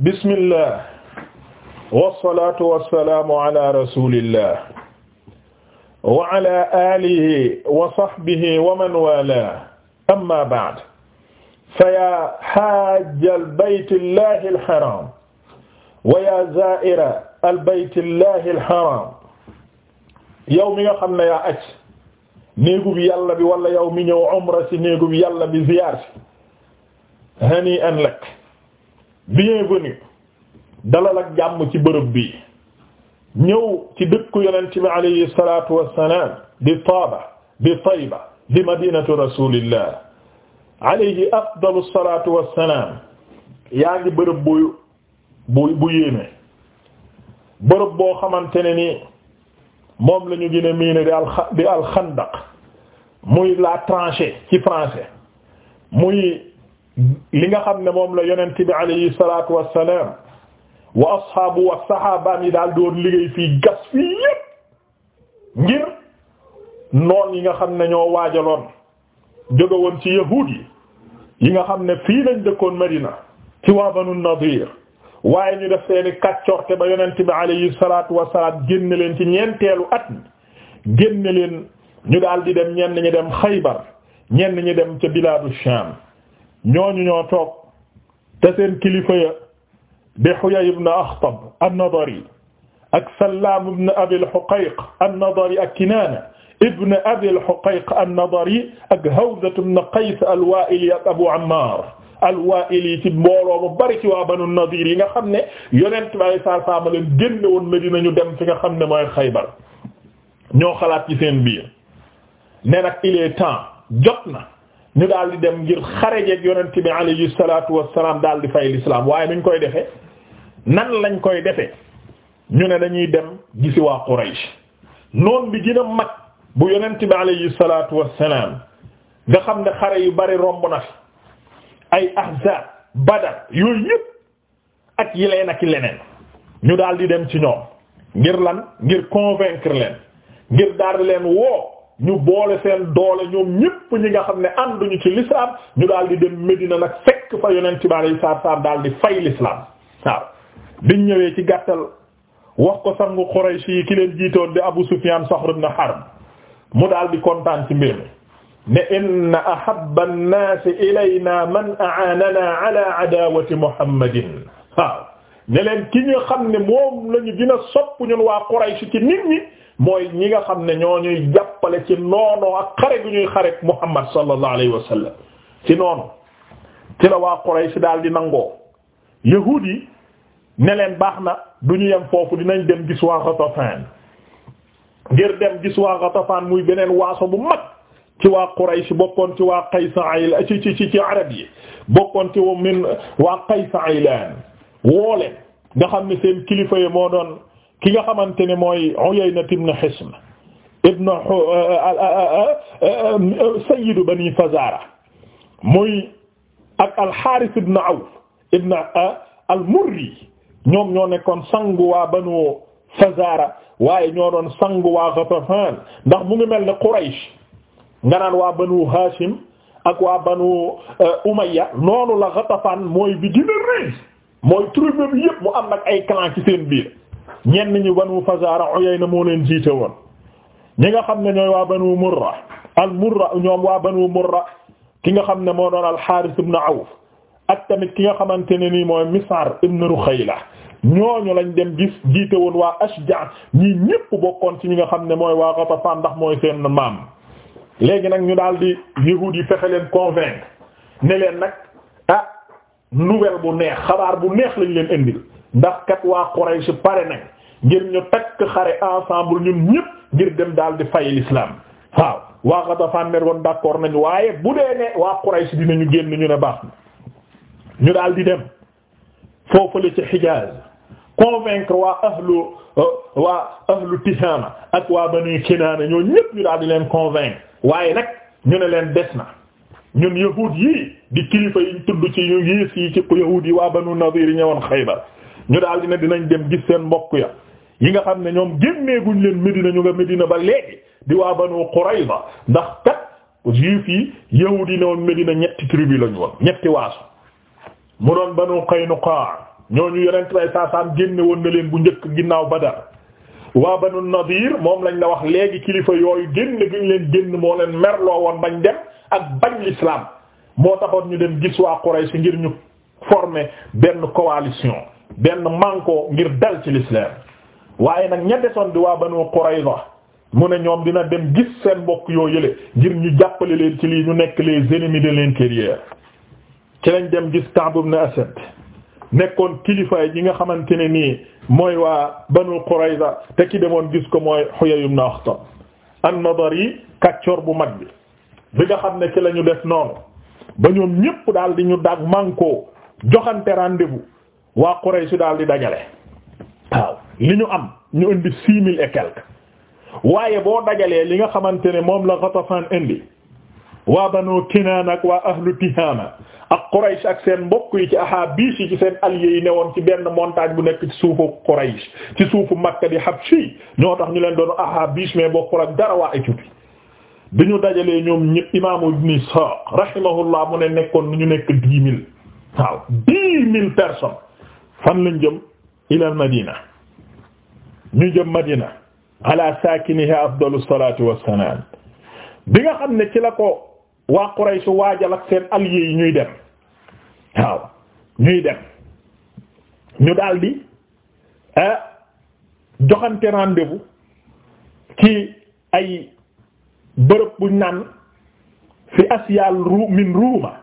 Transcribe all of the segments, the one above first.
bismillah wasalaatu wasalaamu ala rasulillah wa ala alihi wa sahbihi wa man wala amma ba'd fa ya hajja albayt allahi alharam wa ya zaira albayt allahi alharam yow mi nga xam ne yaa aj néegub yàlla bi wala yow mi ñëw umra si néegub yàlla bi ziyaar si hani'an lak bienvenue dalal ak jàmm ci bërëb bi ñëw ci dëkku yonent bi alayhi salaatu wassalaam di Taaba di Tayba di madinatu rasulillah alayhi afdalu salaatu wassalaam yaa ngi bërëb bu bu bu yéeme bërëb boo xamante ne ni moom lañu ñu gën a miine di alxa di alxandaq muy la tranche ci français muy li nga xam ne moom la yonent bi alayhi salaatu wassalaam wa ashaabu wa saxaabaam yi daal doon liggéey fii gas fii yépp ngir noon yi nga xam ne ñoo waajaloon jóge woon ci yahuud yi yi nga xam ne fii lañ dëkkoon Madina ci waa Banu Nadir waaye ñu def seeni kàccorte ba yonent bi alayhi salaatu wassalaam génn leen ci ñeenteelu at génn leen ñu daal di dem ñenn ñi dem Xaybar ñenn ñi dem ca bilaadu Shaam ñooñu ñoo toog te seen kilifa ya di Huyay ibn Akhtab an-Nadari ak Sallaam ibn Abi al-Huqayq ak Kinaana ibn Abi al-Huqayq ak Hawza ibn Qays al-Waa'ili Abu Ammaar al-Waa'ili ci mbooloo mu bari ci waa Banu Nadiir yi nga xam ne Yonent bi alayhi salaatu wa salaam leen génne woon Madina ñu dem fi nga xam ne mooy Xaybar ñoo xalaat ci seen biir ne nag il est jot na. ñu daal di dem ngir xarejeeg yonent bi alayhi salaatu wassalaam daal di fay lislaam waaye nuñ koy defee nan lañ koy defee ñu ne dañuy dem gisi waa noon bi gën mag bu yonent bi alayhi salaatu wassalaam nga xam ne xare yu bari romb na fi ay Ahzab Badar yooyu yëpp ak yi leen ak leneen ñu daldi dem ci ñoom ngir lan ngir convaincre leen ngir daal di leen woo ñu boole seen doole ñoom ñépp ñi nga xam ne ànduñu ci l'islam ñu daal di dem Medina nag fekk fa yonent bi alayhi salaatu salaam daal di fay l'islam waaw ñëwee ci gàttal wax ko sangu Quraysh ki leen jiitoon di Abu Sufyan Saxr ibn Harb mu daal di kontaan ci mbir mi ne inna ahabba an-naasi ilayna man a'aanana ala adaawati Muhammadin waaw ne leen ki ñu xam ne moom lañu dina a sopp ñun waa Quraysh ci nit ñi mooy ñi nga xam ne ñoo ñuy jàppale ci noonu ak xare gu ñuy xare Muhammad sallallahu alayhi wa sallam ci noonu ci la waa Quraysh daal di nangoo yahuud yi ne baax na du ñu yem foofu dinañ dem gis waa Ghatafan ngir dem gis waa Ghatafan muy beneen waaso bu mag ci waa Quraysh bokkoon ci waa Qaysayl ci ci ci yi bokkoon ci min waa Qaysaylan woole nga xam ne seen kilifa yi moo doon ki nga xamante ne mooy Uyayna ibn Hisn ibn euh, euh, euh, sayyidu bani Fazara muy ak al-Harith ibn Awf ibn al-Murri ñoom ñoo nekkoon sangu waa banu Fazara waaye ñoo doon sangu waa Ghatafan ndax mu ngi mel ni Quraysh nga naan waa banu Hashim ak waa banu Umayya noonu la Ghatafan mooy bi dina mooy tribu bi yëpp mu am nag ay clan ci seen biir ñenn ñi banu Fazara Uyayna moo leen jiite woon ñi nga xam ne ñooy waa banu Murra al Murra ñoom waa ban banu Murra ki nga xam ne moo doon al Harith ibn aw ak tamit ki nga xamante ne nii mooy Mis'ar ibn Rukhayla ñooñu lañ dem gis jiite woon waa Ashja ñii ñépp bokkoon ci ñi nga xam ne mooy waa Ghatafan ndax mooy seen maam léegi nag ñu daal di yahuud yi fexe leen convaincre ne leen nag. nouvelle bu neex xabaar bu neex lañ leen indil ndax kat waa Quraysh pare nañ ngir ñu takk xare ensemble ñun ñëpp ngir dem daal di fay l'islam waaw waa Ghatafan ne woon d'accord nañ waaye bu dee ne waa Quraysh dinañu génn ñu ne baax na ñu daal di dem foofale ci Hijaz convaincre waa ahlu euh, waa ahlu Tihama ak waa Banu Kinaana ñoo ñëpp ñu daal di leen convaincre waaye nag ñu ne leen des na ñun yahuud yii di kilifa yi tudd ci yu yées yi ci yahuud yi waa banu Nadir yi ñëwoon Xaybar ñu daal dina dinañ dem gis seen mbokk ya yi nga xam ne ñoom génneeguñ leen Medina ñu nga Medina ba léegi di waa banu Qurayza ndax kat juif yi yahuud yi newoon Medina ñetti tribu lañu woon ñetti waasu mu doon banu Qaynuqa ñooñu yonent bay saasaam génne woon na leen bu njëkk ginnaaw Badar waa ba banu Nadir moom lañ la wax léegi kilifa yooyu génne guñ leen génn moo leen merloo woon ak bañ l'islam moo taxoon ñu dem gis waa Quraysh ngir ñu former benn coalition benn manko ngir dal ci l'islam waaye nag ña desoon di waa Banu Qurayza mu ne ñoom dina dem gis seen mbokk yoo yële ngir ñu jàppale leen ci lii ñu nekk les ennemis de l'intérieur ci lañ dem gis Ka'b ibn Asad nekkoon kilifa yi nga xamante ne nii mooy waa Banu Qurayza te ki demoon gis ko mooy yu ibn Akhtab an-Nadari kàccor bu mag bi bi nga xam ne ci la ñu def noonu ba ñoom ñépp daal di ñu dagg manko joxante rendez-vous waa Quraysh daal di dajale waaw li ñu am ñu indi six mille et quelques waaye boo dajalee li nga xamante ne moom la Ghatafan indi waa Banu Kinaana ak waa ahlu Tihaama ak Quraysh ak seen mbokk yi ci Ahaabiis yi ci seen alliés yi ne woon ci benn montagne bu nekk ci suufu Quraysh ci suufu Makka di Habshi ñoo tax ñu leen doon Ahaabiis mais bokkul ak dara waa Éthiopie bi ñu dajalee ñoom ñëpp imaamu Ibn Ishaq rahimahullah mu ne nekkoon ñu nekk dix mille waaw dix mille personnes fan lañ jëm ila al madina ñu jëm madina ala saakiniha afdalu salatu wassalam bi nga xam ne ci la ko waa Quraysh waajal ak seen alliés yi ñuy dem waaw ñuy dem ñu daldi eh, joxante rendez-vous ci ay bërëb buñ naan fi asyal ru min ruuma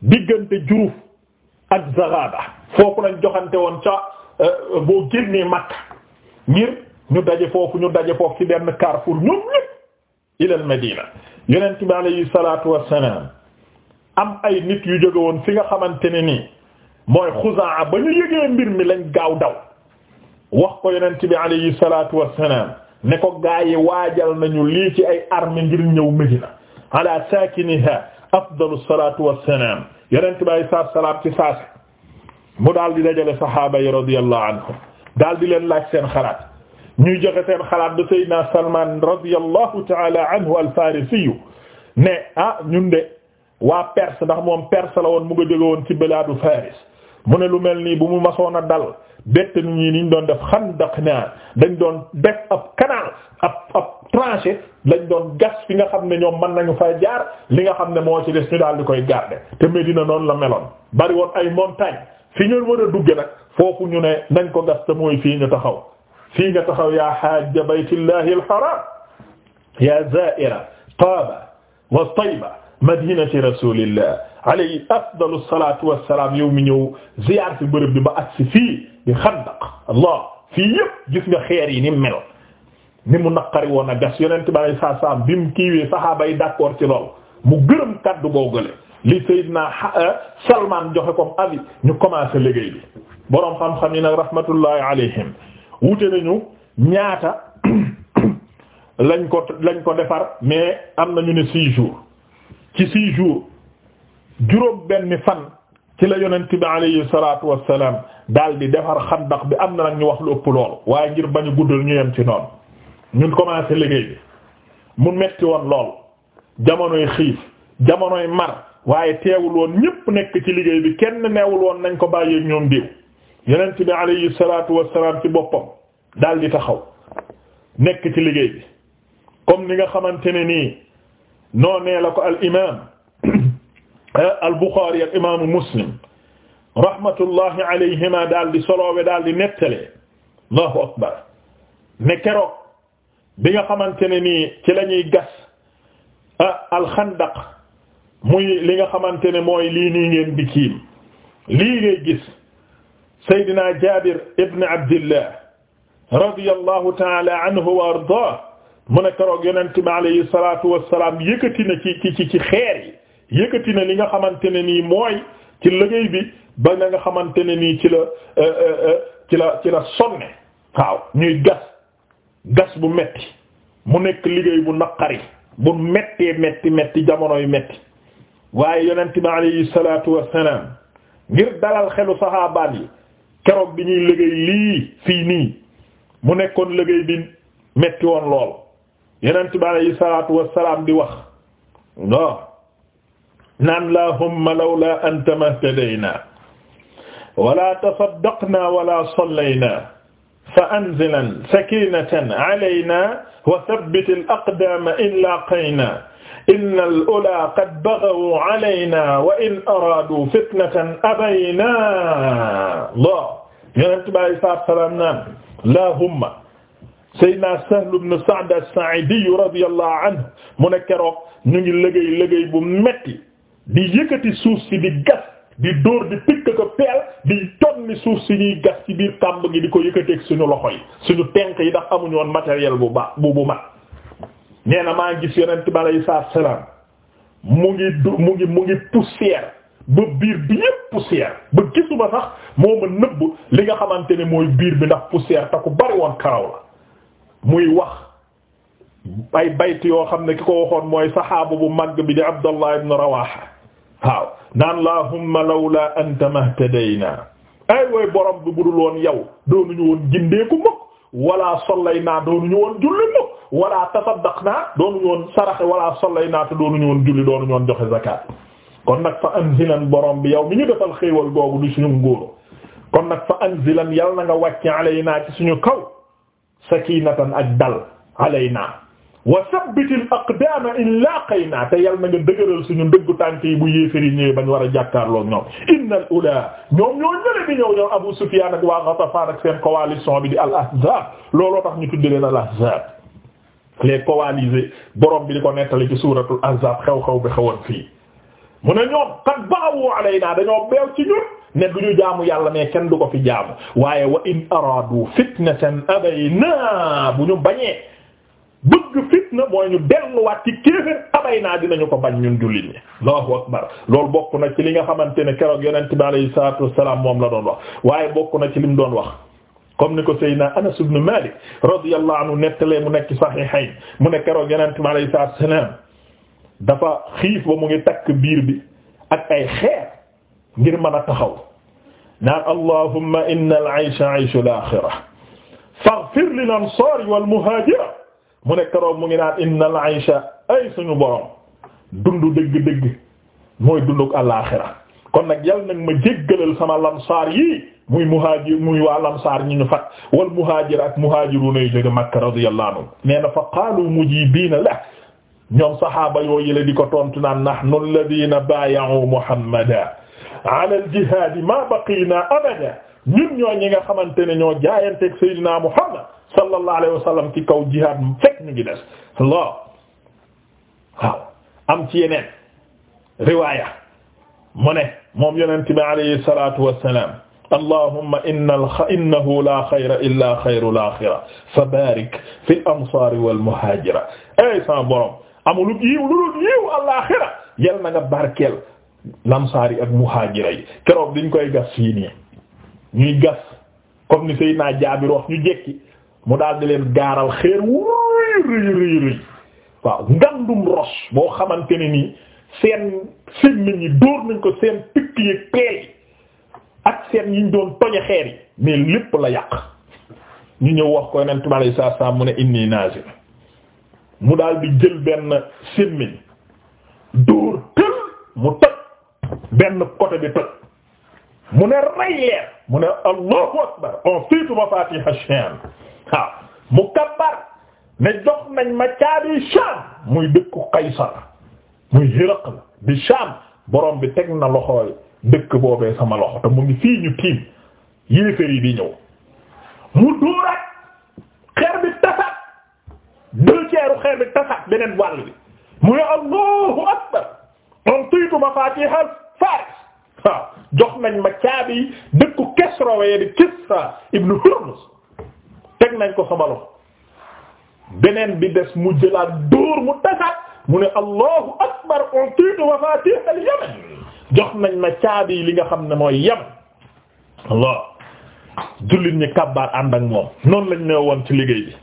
diggante juruf ak zagaba foofu lañ joxante woon ca euh, boo génnee Makka ngir ñu daje foofu ñu daje foofu ci benn carrefour ñoom ñépp ilal Madina yonent bi alayhi salaatu wassalaam am ay nit yu jóge woon fi nga xamante ni nii mooy Xuzaa ba ñu yëgee mbir mi lañ gaaw daw wax ko yonent bi alayhi salaatu wassalaam ne ko gaa yi waajal nañu lii ci ay armes ngir ñëw Medina ala saakiniha afdalu salatu wassalaam yonent bi alayhi salaatu salaam ci saase mu daal di dajale saxaaba yi radiyallahu anhum daal di leen laaj seen xalaat ñuy joxe seen xalaat da Seydina Salman radiyallahu ta'ala anhu al-Farisi ne ah ñun de waa Perse ndax moom Perse la woon mu nga jóge ci bilaadu Faris mu ne lu mel nii bu mu masoon a dal bett nii ñi niñ doon def xandaq naa dañ doon def ab canal ab ab tranchée doon gas fi nga xam ne ñoom man nañu fay jaar li nga xam ne moo ci des ñu daal di koy garder te Medina noonu la meloon bari woon ay montagne fi ñu war a dugge nag foofu ñu ne nañ ko gas te mooy fii ñu taxaw fii nga taxaw yaa hajja baytillahi al haram ya za'ira taaba wa tayba madinati rasulillah alayhi afdalu salatu salaam yow mi ñëw ziyaar fi bërëb bi ba si fii di xandaq allah fii yëpp gis nga xeer yi ni mel ni mu naqari woon a gas yonent bi alay saa salam bi mu kiiwee sahaaba yi d'accord ci lool mu gërëm kaddu googale li Seydina ah, Salman joxe comme avis ñu commencé liggéey bi boroom xam-xam yi nag rahmatullahi alayhim wute nañu ñaata lañ ko lañ ko defar mais am na nañu ne six jours ci six jours juróom benn fan ci la yonent bi alayhi salaatu wassalaam daal di defar xandax bi am na nag ñu wax lu ëpp lool waaye ngir bañu guddal ñu yem ci noonu ñun commencé liggéey bi mu metti woon lool jamonoy xiif jamonoy mar waaye teewul woon ñépp nekk ci liggéey bi kenn neewul woon nañ ko bàyyeeg ñoom diw yonent bi alayhi salaatu wassalaam ci boppam daal di taxaw nekk ci liggéey bi comme ni nga xamante ne nii noonee la ko al imaam eh, al Buxaari ak imaamu Muslim rahmatullahi alayhima daal di soloowe daal di nettalee Allahu akbar ne keroog bi nga xamante ne nii ci la ñuy gas ah eh, alxandaq muy li nga xamante ne mooy lii nii ngeen di kiim lii ngay gis Seydina Jaabir ibn Abdillah radiyallahu ta'ala anhu wa ardaah mu ne keroog yonent bi alayhi salaatu wassalaam yëkkati na ci ci ci xeer yi yëkkati na li nga xamante ne nii mooy ci liggéey bi ba na nga xamante nii ci la euh, euh, euh, ci la ci la sonne waaw ñuy gas gas bu metti mu nekk liggéey bu naqari bu mettee metti metti jamonoy metti waaye yonent bi alayhi salaatu wassalaam ngir dalal xelu saxaabaan yi keroog bi ñuy liggéey lii fii nii mu nekkoon liggéey bi metti woon lool yeneen bi alayhi salaatu wassalaam di wax waaw naan lahumma lawla anta mahtadayna wala tasaddaqna wala sallayna fa anzilan sakinatan alayna wa thabbit al aqdama in laqayna inna al ula qad baghaw alayna wa in aradu fitnatan abayna allah yeneen bi alayhi salaatu wassalaam naan lahumma Seydina Sahl ibn Sa'd as-Sa'idi radiyallahu anhu mu ne keroog ñu ngi liggéey liggéey bu metti di yëkkati suuf si di gas di dóor di pikk ko peel di tonni suuf si ñuy gas ci biir kàmb gi di ko yëkkateeg suñu loxo yi suñu tenk yi ndax amuñu woon matériel bu baax bu bu mat nee na maa gis yonent bi alayhi salaam mu ngi mu ngi mu ngi poussière ba biir bi yépp poussière ba gisuma sax moo ma nëbb li nga xamante ne mooy biir bi ndax poussière te ku bari woon karaw la muy wax ay bayt yoo xam ne ki ko waxoon mooy saxaabu bu mag bi di Abdallah ibn Rawaha waaw naan lahumma lawla anta mahtadayna ay way borom bi budul woon yow doonuñu woon gindeeku mukk wala sallaynaa doonuñu woon julli mukk wala tasaddaqnaa doonuñu woon saraxe wala sallaynaa te doonuñu woon julli doonuñu woon joxe zakat kon nag fa anzilan borom bi yow mi ñu defal xéewal googu du suñu ngóoru kon nag fa anzilan yal na nga wàcce alaynaa ci suñu kaw sakinatan ak dal alaynaa wa sabbitil aqdaama in laaqaynaa te yal na nga dëgëral suñu ndëggu tànk yi bu yéefari ñëwee bañ war a jàkkaarloo ñoom innal ulaa ñoom ñoo ñële di ñëw ñoom Abu Sufyaan ak waa Ghatafaan ak seen coalition bi di al ahzaab looloo tax ñu tudde leen al ahzaab les coalisés borom bi di ko nettali ci suuratul ahzaab xew-xew bi xewoon fii mu ne ñoom qad ba'u alaynaa dañoo beew ci ñun ne du ñu jaamu yàlla mais kenn du ko fi jaamu waaye wa in araadu fitnatan abayna bu ñu bañee bëgg fitna mooy ñu delluwaat ci kéefër abayna dinañu ko bañ ñun jullit ñi allahu akbar loolu bokk na ci li nga xamante ne keroog yonent bi alayhi salaatu wassalaam moom la wax waaye bokk na ci li lim doon wax comme ni ko Seydina Anas ibn Malik radiyallahu anhu nettalee mu nekk sahihayn mu ne keroog yonent bi alayhi salaatu wassalaam dafa xiif ba mu ngi takk biir bi ak ay xeer ngir mën a taxaw naan allahumma inna al-aysha ayshu al-axira faghfir lil ansaari wal muhaajira mu nekk room mu ngi naan inna al-aysha ay suñu borom dundu dëgg-dëgg mooy dunduk al-axira kon nag yal nag ma jéggalal sama lansaar yi muy muhaajir muy waa lansaar ñi ñu fat wal muhaajir ak muhaajiruna yu jóge Makka radiyallahu anhu nee na fa qaalu mujibiina la ñoom saxaaba yooyu la di ko tontu naan nahnu alladhiina baaya'u Muhammadan ala al jihaad ma baqiina abada ñun ñoo ñi nga xamante ne ñoo jaayanteeg Seydina Muhammad sallallahu alayhi wa sallam ci kaw jihaad fekk ñu ngi des loo waaw am ci yeneen riwaaya mu ne moom yonent bi alayhi salaatu wa salaam allahumma innahu la xayra illa xayru laaxira fa barik fi l ansaari wal muhaajira ay sa borom amul yiw lu dul yiw alaaxira yal na nga barkeel lamsaar yi ak muhaajira yi keroog ñu koy gas fii nii ñuy gas comme ni Seydina Jaabir wax ñu jekki mu daal di leen gaaral xeer wuy rëy rëy rëy waaw ngandum ros boo xamante ne nii seen seen nañ ñi dóor nañ ko seen pikk yi peel yi ak seen yiñ doon toje xeer yi mais lépp la yàq ñu ñëw wax ko yonent bi alayhi salaam mu ne inni naazil mu daal jël benn sémmiñ dóor tël mu toj benn côté bi toj mu ne rey leen mu ne allahu akbar on fiitu mafatih ash-sham mu kabbar ne jox nañ ma caabi sham muy dëkku Qaysar muy Hiraql bi sham borom bi teg na loxooy dëkk boobee sama loxo te mu ngi fii ñu tiim yéeféer yi di ñëw mu dóoraat xeer bi tasaat deux tiers bi tasaat beneen wàll bi mu ne allahu akbar on fiitu Faris jox nañ ma caabi dëkku Kisra waaye di ibnu Hurmuz teg nañ ko sama loxo beneen bi des mu jëlaat dóor mu tasaat mu ne allahu akbar utitu mafatih al yaman jox nañ ma caabi li nga xam ne mooy yaman allah jullit ñi kabbaar ànd ak moom noonu lañ ne woon ci liggéey bi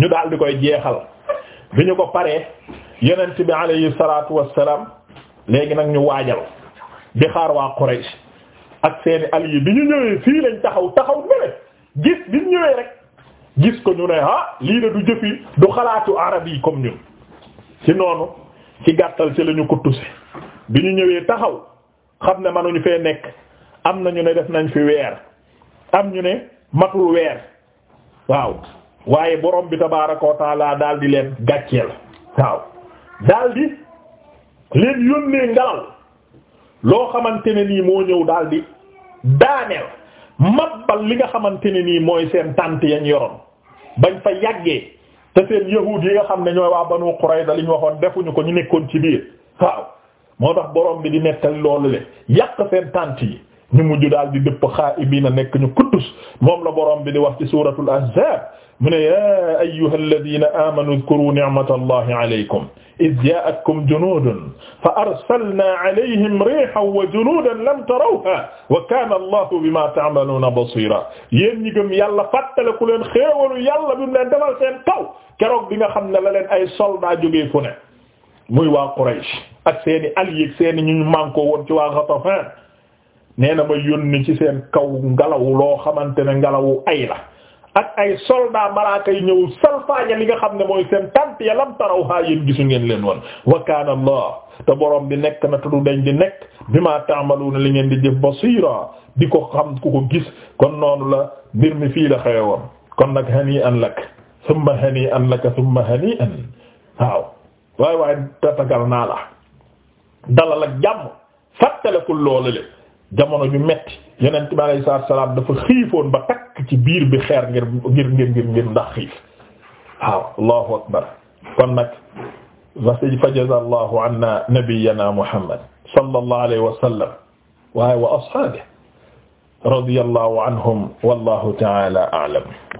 ñu daal di koy jeexal bi ñu ko paree yonent bi alayhi salaatu wassalaam léegi nag ñu waajal di xaar waa Quraysh ak seeni alliés bi ñu ñëwee fii lañ taxaw taxaw nene gis bi ñu ñëwee rek gis ko ñu ne ah lii de du jëfi du xalaatu arab yi comme ñun ci noonu ci gàttal ci lañu ko tusi bi ñu ñëwee taxaw xam ne ñu fee nekk am na ñu ne def nañ fi weer am ñu ne matul weer waaw waaye borom bi tabaaraka wa taala daal di waaw daal di leen yónnee ngalal loo xamante ne nii moo ñëw daal di daaneel mabbal li nga xamante ne nii mooy seen tànt yañ yoroon bañ fa yàggee te seen yahuud yi nga xam ne ñooy waa Banu Qurayza li ñu waxoon defuñu ko ñu nekkoon ci biir waaw moo tax borom bi di nettali loolu le yàq seen tànt yi ñu mujj daal di dëpp xaa na nekk ñu kuddus moom la borom bi di wax ci suuratul Ahzaab mu ne yaa ayyuha alladina amanu udkuru ni'mata allahi alaykum id jaa'atkum junudun fa arsalna alayhim rihan wa junudan lam tarawha wa kana allahu bima ta'maluna basira yéen ñi gëm yàlla fàttale ku leen xéewalu yàlla bi mu leen defal seen taw keroog bi nga xam ne la leen ay soldat jógee fu ne muy waa Quraysh ak seen i alliés seen i ñu mànkoo woon ci waa Ghatafan nee na ma yónni ci seen kaw ngelaw loo xamante ne ngelawu ay la ak ay soldat malaaka yi ñëw salfaaña li nga xam ne mooy seen tant ya lam tarawhaa yéen gisu ngeen leen woon wa kaana allah te bi nekk na te du dañ di nekk bima ta'maluna li ngeen di jëf basira di ko xam ku ko gis kon noonu la mbir mi fii la kon nag hani'an lak thumma hani'an lak thumma hani'an waaw waay waay tatagal naa la dalal ak jàmm fàttalikul loolu jamono ju metti yonent bi alayhi salaatu salaam dafa xiifoon ba takk ci biir bi xeer ngir ngir ngir ngir ndax xiif waaw allahu akbar kon nag fa jazallahu anna nabiyyana muhammad sallallahu alayhi wa sallam waaye wa ashaabihi radiyallahu anhum wallahu ta'ala a'lam